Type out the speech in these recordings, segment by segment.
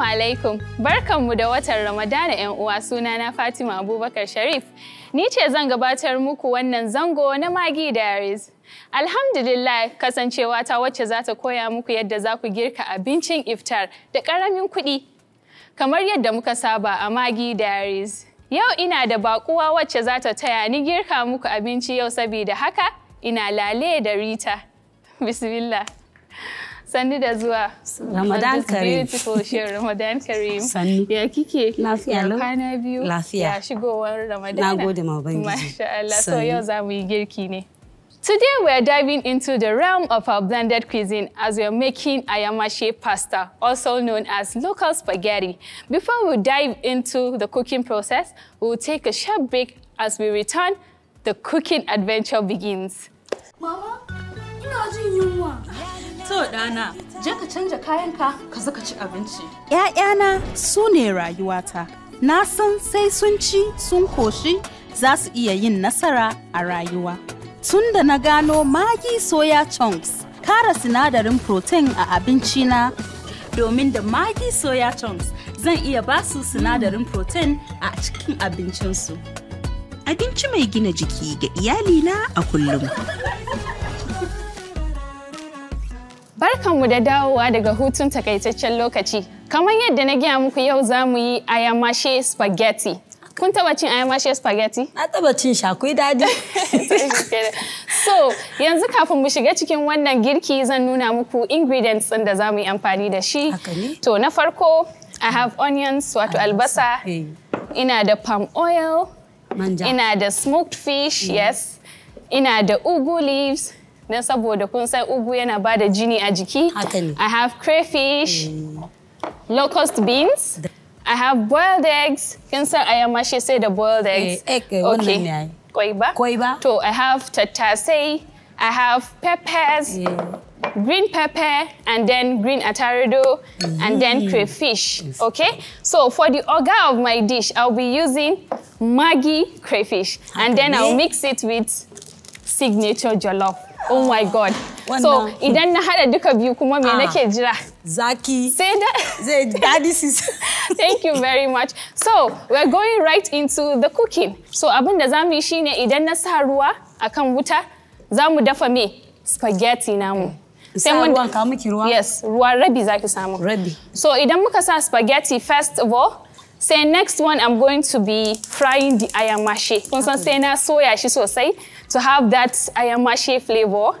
Assalamu alaikum, barkanmu da watan Ramadana 'yan uwa sunana Fatima Abubakar Sharif. Ni ce zan gabatar muku wannan zango na Magi Diaries. Alhamdulillah kasancewa ta wacce za ta koya muku yadda za ku girka abincin iftar da ƙaramin kuɗi. Kamar yadda muka saba a Magi Diaries. Yau ina da baƙuwa wacce za ta taya ni girka muku abinci yau saboda haka ina lale da Rita. Bismillah. Sanni da zuwa. Ramadan Karim. Beautiful show Ramadan Kiki. Sanni. Yeah, kike? Lafiya lau. Kana biyu. Lafiya. Ya shigowar Ramadan. Na gode ma Ubangiji. Masha Allah. So yau are mu yi girki Today we are diving into the realm of our blended cuisine as we are making ayamashi pasta, also known as local spaghetti. Before we dive into the cooking process, we will take a short break as we return, the cooking adventure begins. Mama, you know, To ɗana, je ka canja kayanka ka ka ci abinci. ‘Ya'yana su ne rayuwata, na san sai sun ci sun koshi za su iya yin nasara a rayuwa. Tun da na gano magi soya chunks, kara sinadarin protein a abinci na. Domin da magi soya chunks zan iya ba su sinadarin protein a cikin abincinsu. Abinci mai gina jiki ga iyalina a kullum. Barkanmu da dawowa daga hutun takaitaccen lokaci. Kamar yadda na gaya muku yau za mu yi ayamashe spaghetti. Kun taba cin ayamashe spaghetti? Na taba cin shakui dadi. so, yanzu kafin mu shiga cikin wannan girki zan nuna muku ingredients ɗin da za mu yi amfani da shi. To, na farko, I have onions, wato albasa. Ina da palm oil. Ina da smoked fish, mm. yes. Ina da ugu leaves. don saboda kun san ugu yana ba da jini a jiki. I have crayfish, mm. locust beans, I have boiled eggs. Kin san am shi say the boiled eh, eggs. Eh, okay. Koi ba? Koi ba. To I have tattasai, I have peppers. Eh. green pepper and then green atarido and then mm. crayfish okay so for the order of my dish i'll be using maggi crayfish and then i'll mix it with signature jollof Oh my god. So idan na hada duka biyu kuma me ah. nake jira? Zaki. Say that. that this is. Thank you very much. So we're going right into the cooking. So abin da zamu yi shine idan na sa ruwa akan wuta za mu dafa me spaghetti namu. Sai mun ruwan ka miki ruwa? Yes, ruwa rabi zaki samu. Rabi. So idan muka sa spaghetti first of all Sai next one I'm going to be frying the ayamashi. Kun san sai na soya shi sosai to have that ayamashi flavor.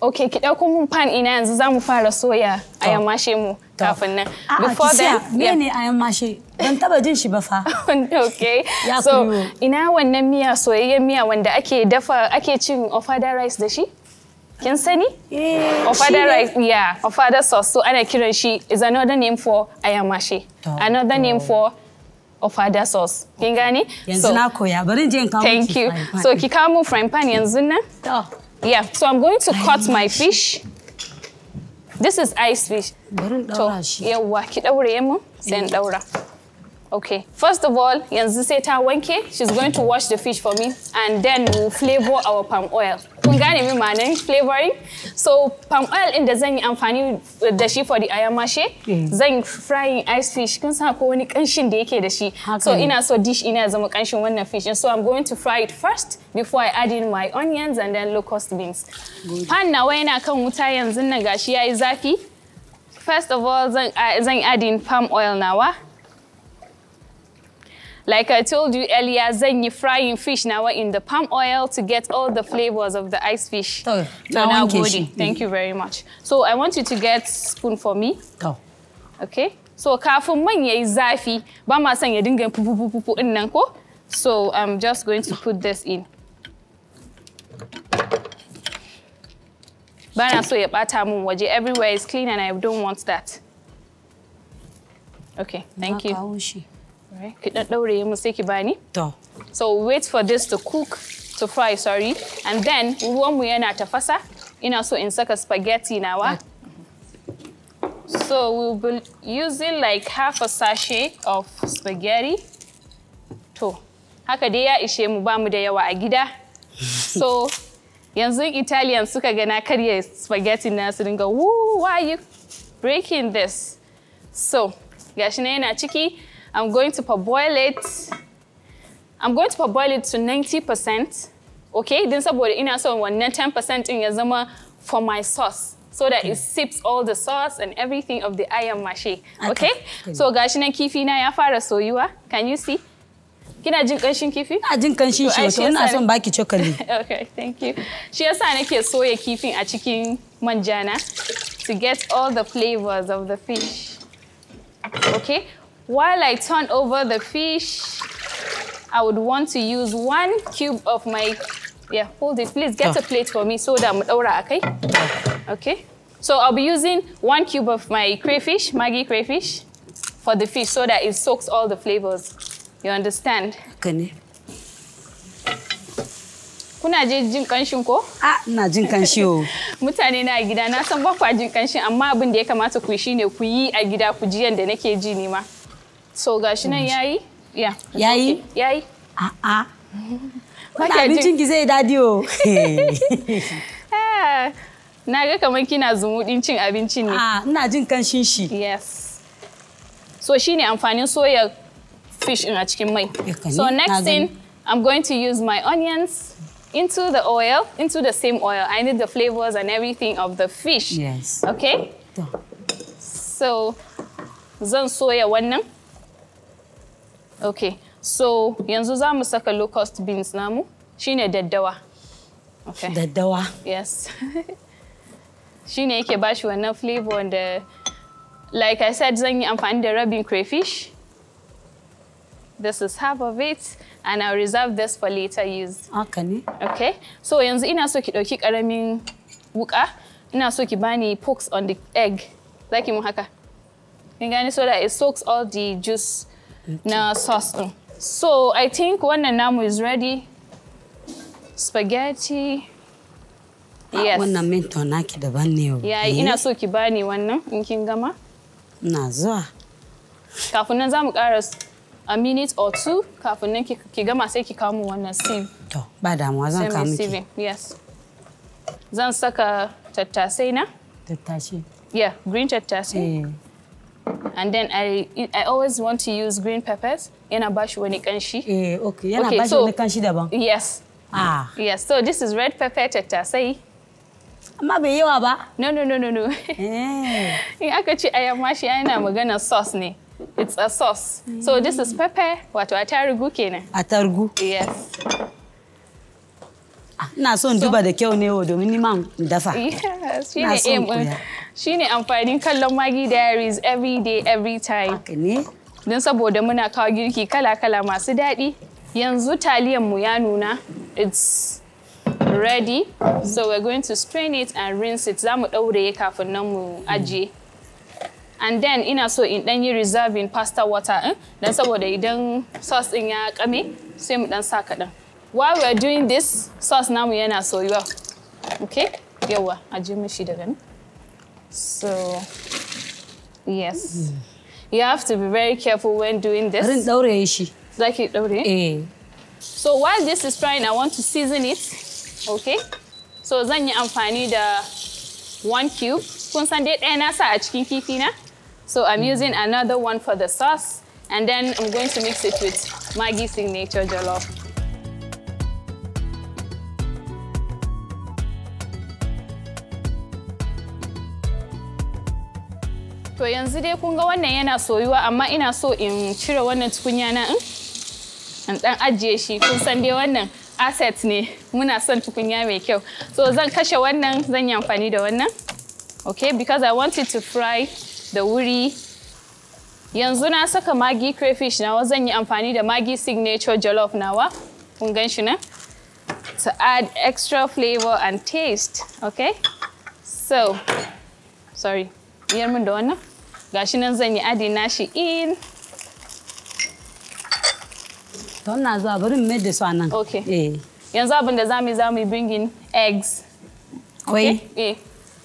Okay, ki ɗauko mun pan ina yanzu za mu fara soya ayamashe mu kafin nan. Before that, me ne ayamashe? Ban taba jin shi ba fa. Okay. so, ina wannan miya soyayyen miya wanda ake dafa ake cin ofada rice da shi? Kin sani? Eh. ofada rice, yeah, ofada sauce. So ana kiran shi is another name for ayamashe. Another name for of other sauce. Kin gane? Yanzu na koya. Bari je in kawo Thank you. So ki kawo mu frying pan yanzu nan? To. Yeah, so I'm going to cut my fish. This is ice fish. Barin daura shi. Yawwa, ki daure mu sai in daura. Eh. Okay, first of all, yanzu sai ta wanke. She's going to wash the fish for me and then we'll flavor our palm oil. Kun gane min ma'anar flavoring? So, palm oil din da zan yi amfani da shi for the she, eh. zan frying ice fish. Kun san ko wani kanshin da yake da shi. So, ina so dish ina zama kanshin wannan fish. So, I'm going to fry it first before I add in my onions and then locust beans. Pan nawa yana kan wuta yanzu nan gashi yayi zafi. First of all, zan add in palm oil nawa. Like I told you earlier, then you frying fish now in the palm oil to get all the flavors of the ice fish. Oh, so now goody. Thank you very much. So I want you to get spoon for me. Okay. So kafin man you zafi, ba ma son ya dinga pupu pupu in nan nanko. So I'm just going to put this in. Bana so ya bata mun waje. Everywhere is clean and I don't want that. Okay, thank you. Ki dan daure mu sai ki bani. To. So wait for this to cook, to fry, sorry. And then ruwanmu yana tafasa. Ina so in saka spaghetti nawa. So we'll be using like half a sachet of spaghetti. To, haka dai ya ishe mu ba mu da yawa a gida. So, yanzu Italian suka ga na karya spaghetti na su dinga, woo, why are you breaking this? So, gashi na yana ciki, I'm going to parboil it. I'm going to parboil it to 90%. Okay, Then saboda ina so wannan 10% in ya zama for my sauce. So that okay. it sips all the sauce and everything of the iron mashi. Okay? okay. So gashi nan kifi na ya fara soyuwa. Can you see? Kina jin kanshin kifi? Ina jin kanshin shi wato ina son baki cokali. Okay, thank you. Shi yasa nake soya kifin a cikin manjana to get all the flavors of the fish. Okay? While I turn over the fish, I would want to use one cube of my, yeah, hold it, please get oh. a plate for me so that I'm, okay? Oh. Okay. So I'll be using one cube of my crayfish, Maggi crayfish, for the fish so that it soaks all the flavors. You understand? Okay. kuna je jin kanshin ko? A ah, ina jin kanshi o. Mutane na gida na san ba kwa jin kanshin amma abin da ya kamata ku yi shine ku yi a gida ku ji yanda nake ji ni ma. so gashi nan yayi ya yayi yayi a'a wannan abincin ki zai dadi o na ga kamar kina zumuɗin cin abincin ne Ah, ina jin kanshin shi yes so ne amfanin soya fish in a cikin mai so next thing i'm going to use my onions into the oil, into the same oil. I need the flavors and everything of the fish. Yes. Okay? So, zan soya wannan. Okay, so yanzu za mu saka low cost beans namu shine daddawa. Okay. Daddawa. Yes. shine yake bashi wannan flavor wanda like I said zan yi amfani da rabin crayfish. This is half of it and I'll reserve this for later use. Haka ne. Okay. So yanzu ina so ki ɗauki ƙaramin wuka. Ina so ki bani pokes on the egg. Zaki mun haka. Kin gani so that it soaks all the juice na sauce din. So I think wannan namu is ready. Spaghetti. Ah, yes. Wannan ki da daban ne. Oh. Ya ina so ki bani wannan in kin gama. Na zuwa. Kafin nan za mu ƙara a minute or two kafin nan ki gama sai ki kamu wannan sin. To ba damuwa zan kawo ki. Yes. Zan saka tattasai na. Tattasai. Yeah, green tattasai. Eh. And then I I always want to use green peppers. Yana bashi wani kanshi. Eh, okay. Yana okay, bashi so, wani kanshi daban. Yes. Ah. Yes. So this is red pepper tattasai. Amma bai yawa ba? No, no, no, no, no. Eh. In aka ce ayama shi yana magana sauce ne. It's a sauce. Mm. So this is pepper, wato atarugu kenan. Atarugu? Yes. Ah, ina so in duba da kyau ne oh, domin ni ma dafa. Yes, shi ne shine amfanin kallon Maggi Diaries every day every time. Haka ne. Don saboda muna kawo girki kala-kala masu daɗi. Yanzu taliyan mu ya nuna. It's ready. So we're going to strain it and rinse it. Za mu ɗauraye kafin nan mu ajiye. And then ina so in ɗan yi reserving pasta water eh? don saboda idan sauce ɗin ya kame sai mu ɗan sa kaɗan. While we're doing this, sauce namu yana soyuwa. Okay? Yawa, mishi daga nan. So, yes. You have to be very careful when doing this. Like it, Eh. So while this is frying, I want to season it. Okay? So I'm amfani the one cube. So I'm using another one for the sauce. And then I'm going to mix it with Maggie's Signature Jollof. to yanzu dai kun ga wannan yana soyuwa amma ina so in cire wannan tukunya na hmm? in in dan ajiye shi kun san dai wannan asset ne muna son tukunya mai kyau so zan kashe wannan zan yi amfani da wannan okay because i wanted to fry da wuri yanzu na saka magi crayfish nawa zan yi amfani da magi signature jollof nawa kun gan shi nan to add extra flavor and taste okay so sorry biyar min da wannan gashi nan zan yi adi na shi in Don na zuwa bari mai da su a nan okay eh yanzu abin da zamu zamu bringin eggs okay eh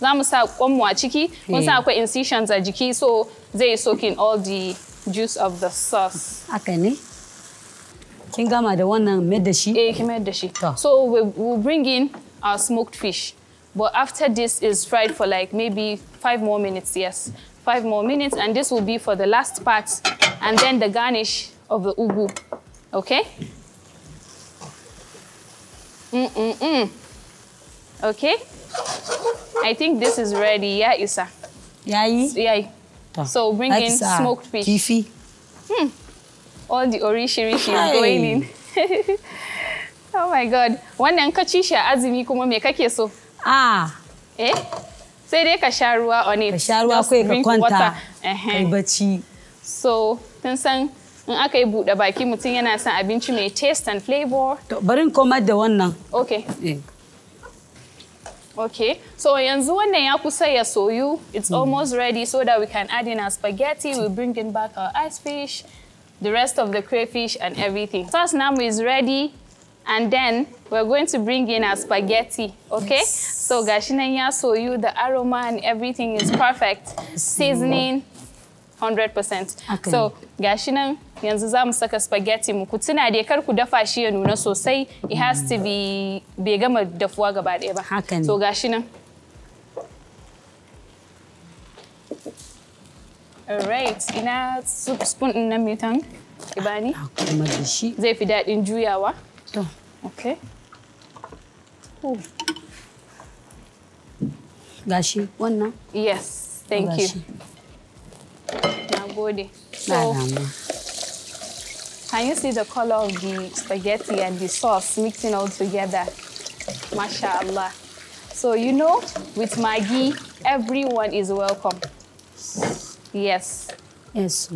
za mu sa kwanmu a ciki mun sa eh. akwai incisions a jiki so zai soak in all the juice of the sauce aka ne kin gama da wannan mai da shi eh kin mai da shi so we will bring in our smoked fish But after this is fried for like maybe five more minutes, yes, five more minutes. And this will be for the last part and then the garnish of the ugu, okay? Mm-mm-mm, okay? I think this is ready, yeah, Isa? Yayi? yeah. So bring in uh, smoked fish. Kifi. Hmm. All the orishi-rishi going in. oh my God. One kaci shi a azumi kuma so? Ah. Eh? Sai dai ka sha ruwa on it. Ka sha ruwa kai ka kwanta. Kai bacci. So, tun san in aka yi buɗe baki mutum yana son abinci mai taste and flavor. To, barin koma da wannan. Okay. Eh. Okay, so yanzu wannan ya kusa ya soyu. It's mm. almost ready so that we can add in our spaghetti. we We'll bring in back our ice fish, the rest of the crayfish and everything. Sauce namu is ready. and then we're going to bring in our spaghetti, okay? So gashinanya soyu, the aroma and everything is perfect. Seasoning, 100%. Okay. So gashinan yanzu zamu saka spaghetti mu ku tuna dai kar ku dafa shi ya nuna sosai it has to be bai gama dafuwa gaba ɗaya ba. Haka So gashinan. Right, ina soup spoon ɗin nan Ibani. Zai fi daɗin juyawa. done. Okay. Oh. Gashi, now. Yes, thank you. you. Nagode. So, can you see the color of the spaghetti and the sauce mixing all together? Mashallah. So, you know, with Maggie, everyone is welcome. Yes. Yes.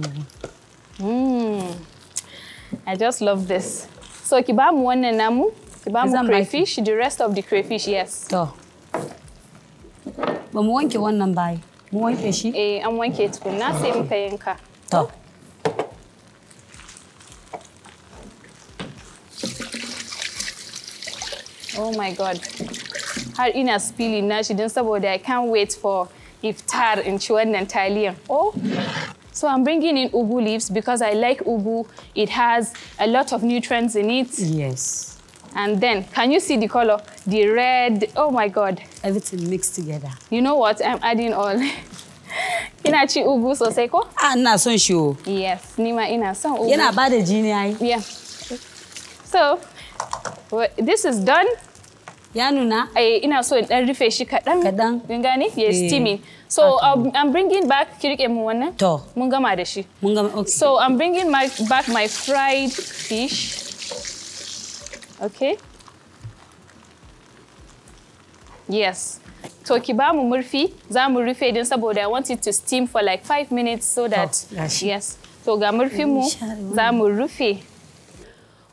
Mmm. I just love this. So ki ba mu wannan namu, ki ba mu crayfish, the rest of the crayfish, yes. To. Ba mu wanke wannan bayi. Mu wanke shi? Eh, an wanke na sai muka yanka. To. Oh my God. Har ina spilling na shi don saboda I can't wait for iftar in ci wannan taliyan. Oh, So I'm bringing in ubu leaves because I like ubu. It has a lot of nutrients in it. Yes. And then, can you see the color? The red, oh my God. Everything mixed together. You know what? I'm adding all. Inachi ubu soseko? Ah, na son Yes, nima ina son ugu. Yana ba da jini Yeah. So, this is done. ya nuna eh ina so in dan rufe shi kadan kadan kin gane ya eh. steaming so um, i'm bringing back ki rike mu wannan to mun gama da shi mun gama okay so i'm bringing my back my fried fish okay yes to ki ba mu murfi za mu rufe din saboda i want it to steam for like five minutes so that oh, yes to ga murfin mu za mu rufe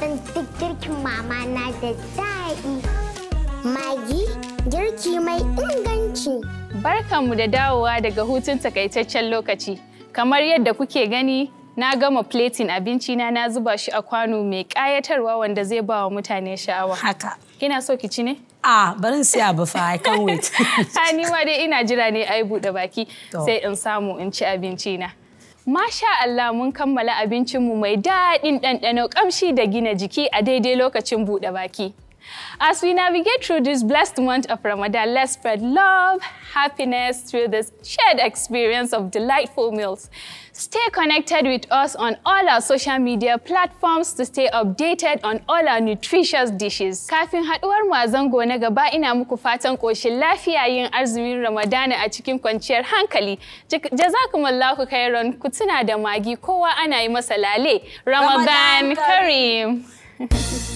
don duk girkin mama na da daɗi. Magi, girki mai inganci. Barkanmu da dawowa daga hutun takaitaccen lokaci. Kamar yadda kuke gani, na gama plating abinci na na zuba shi a kwano mai ƙayatarwa wanda zai ba wa mutane sha'awa. Haka. Kina so ki ci ne? A barin sai abu fa I can't wait. Ha ni ma dai ina jira ne ai buɗe baki sai in samu in ci abinci na. Masha Allah mun kammala abincinmu mai daɗin ɗanɗano ƙamshi da gina jiki a daidai lokacin buɗe baki. As we navigate through this blessed month of Ramadan, let's spread love, happiness through this shared experience of delightful meals. Stay connected with us on all our social media platforms to stay updated on all our nutritious dishes. Kafin haɗuwar mu a zango na gaba ina muku fatan koshin lafiya yin arzumin Ramadana a cikin kwanciyar hankali. Jazakumullahu khairan ku tuna da magi kowa ana yi masa lale. Ramadan Karim.